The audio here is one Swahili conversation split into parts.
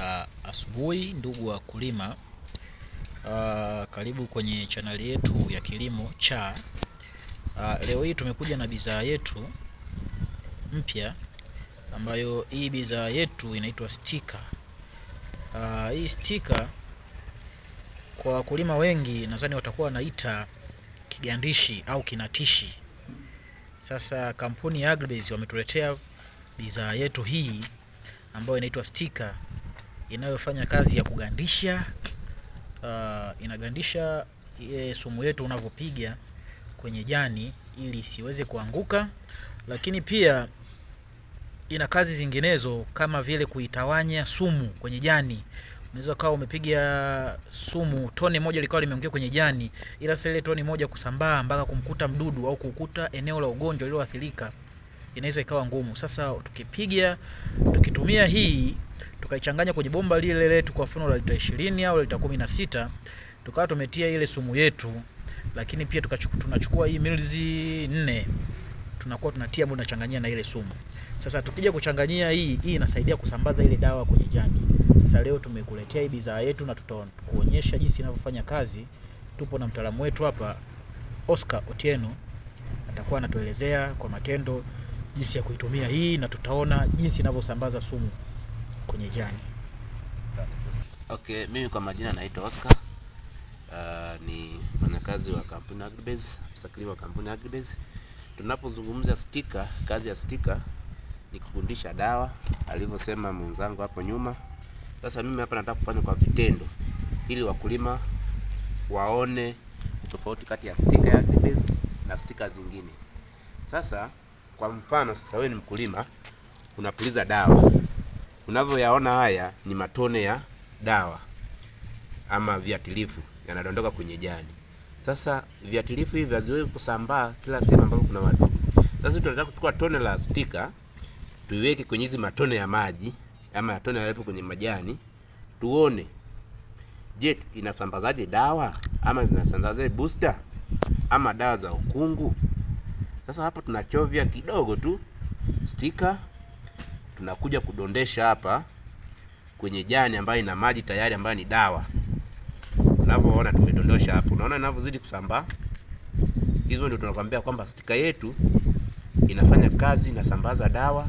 za asubuhi ndugu wakulima. Uh, karibu kwenye chaneli yetu ya kilimo cha uh, leo hii tumekuja na bidhaa yetu mpya ambayo hii bidhaa yetu inaitwa stika. Uh, hii stika kwa wakulima wengi nadhani watakuwa wanaita kigandishi au kinatishi. Sasa kampuni ya Agribays wametuletea bidhaa yetu hii ambayo inaitwa stika inayofanya kazi ya kugandisha uh, inagandisha ile eh, sumu yetu unavyopiga kwenye jani ili siweze kuanguka, lakini pia ina kazi zinginezo kama vile kuitawanya sumu kwenye jani. Unaweza kawa umepiga sumu tone moja likawa limeongea kwenye jani, ila sasa ile tone moja kusambaa mpaka kumkuta mdudu au kukuta eneo la ugonjwa lililoathirika inaweza ikawa ngumu. Sasa tukipiga tukitumia hii tukaichanganya kwenye bomba lile letu kwa mfano la lita 20 au lita 16, tukawa tumetia ile sumu yetu, lakini pia tunachukua hii milizi nne tunakuwa tunatia mbona changanyia na ile sumu. Sasa tukija kuchanganyia hii, hii inasaidia kusambaza ile dawa kwenye jani. Sasa leo tumekuletea hii bidhaa yetu na tutakuonyesha jinsi inavyofanya kazi. Tupo na mtaalamu wetu hapa Oscar Otieno, atakuwa anatuelezea kwa matendo jinsi ya kuitumia hii na tutaona jinsi inavyosambaza sumu kwenye jani. Okay, mimi kwa majina naitwa Oscar. Uh, ni mfanyakazi wa kampuni Agribase, afisa kilimo wa kampuni Agribase. Tunapozungumza stika, kazi ya stika ni kufundisha dawa alivyosema mwenzangu hapo nyuma. Sasa mimi hapa nataka kufanya kwa vitendo ili wakulima waone tofauti kati ya stika ya Agribase na stika zingine. Sasa kwa mfano sasa, wewe ni mkulima, unapuliza dawa, unavyoyaona haya ni matone ya dawa ama viatilifu yanadondoka kwenye jani. Sasa viatilifu hivi haziwezi kusambaa kila sehemu ambapo kuna wadudu. Sasa tunataka kuchukua tone la stika tuiweke kwenye hizi matone ya maji ama matone yalipo kwenye majani, tuone je, inasambazaje dawa ama zinasambazaje booster ama dawa za ukungu. Sasa hapa tunachovya kidogo tu stika, tunakuja kudondesha hapa kwenye jani ambayo ina maji tayari ambayo ni dawa. Unavyoona tumedondosha hapo, unaona inavyozidi kusambaa. Hizo ndio tunakwambia kwamba stika yetu inafanya kazi, inasambaza dawa,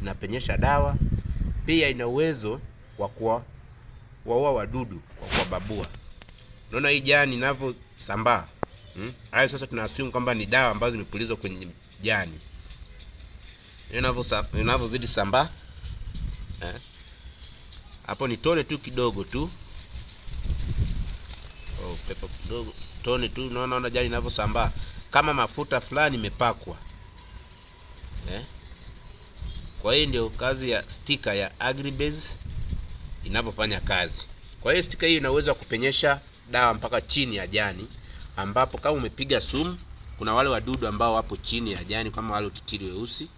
inapenyesha dawa, pia ina uwezo wa kuwaua wadudu kwa kuwababua. Unaona hii jani inavyosambaa. Hmm? hayo Sasa tuna assume kwamba ni dawa ambazo zimepulizwa kwenye jani. Inavyozidi samba eh? Hapo ni tone tu kidogo tu oh, pepo kidogo tone tu, naona jani inavyosambaa kama mafuta fulani imepakwa eh? Kwa hiyo ndio kazi ya stika ya Agribase inavyofanya kazi. Kwa hiyo stika hii inaweza kupenyesha dawa mpaka chini ya jani ambapo kama umepiga sumu, kuna wale wadudu ambao wapo chini ya jani kama wale utitiri weusi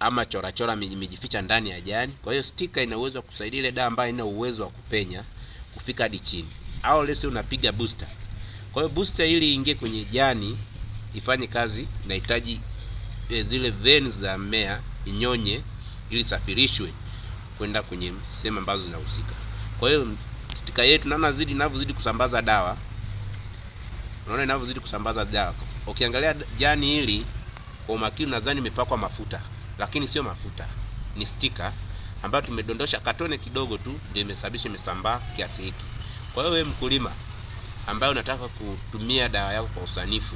ama chora chora mijificha ndani ya jani. Kwa hiyo stika ina uwezo wa kusaidia ile dawa ambayo ina uwezo wa kupenya kufika hadi chini, au lesi unapiga booster. Kwa hiyo booster ili ingie kwenye jani ifanye kazi, inahitaji eh, zile veins za mmea inyonye, ili safirishwe kwenda kwenye sehemu ambazo zinahusika. Kwa hiyo stika yetu, naona zidi navyozidi kusambaza dawa unaona inavyozidi kusambaza dawa. Ukiangalia jani hili kwa umakini, nadhani imepakwa mafuta, lakini sio mafuta, ni stika ambayo tumedondosha katone kidogo tu, ndio imesababisha imesambaa kiasi hiki. Kwa hiyo wewe mkulima ambaye unataka kutumia dawa yako kwa usanifu,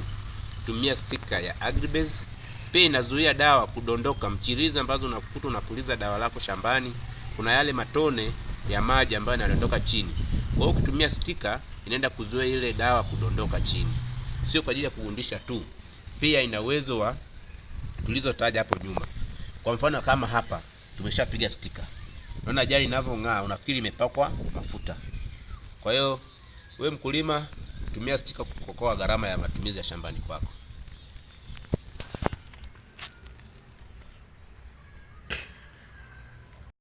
tumia stika ya Agribase. Pia inazuia dawa kudondoka, mchirizi ambazo unakuta unapuliza dawa lako shambani, kuna yale matone ya maji ambayo yanadondoka chini. Kwa hiyo ukitumia stika inaenda kuzuia ile dawa kudondoka chini. Sio kwa ajili ya kugundisha tu, pia ina uwezo wa tulizotaja hapo nyuma. Kwa mfano kama hapa tumeshapiga stika, unaona jari inavyong'aa, unafikiri imepakwa mafuta. Kwa hiyo we mkulima, tumia stika kukokoa gharama ya matumizi ya shambani kwako.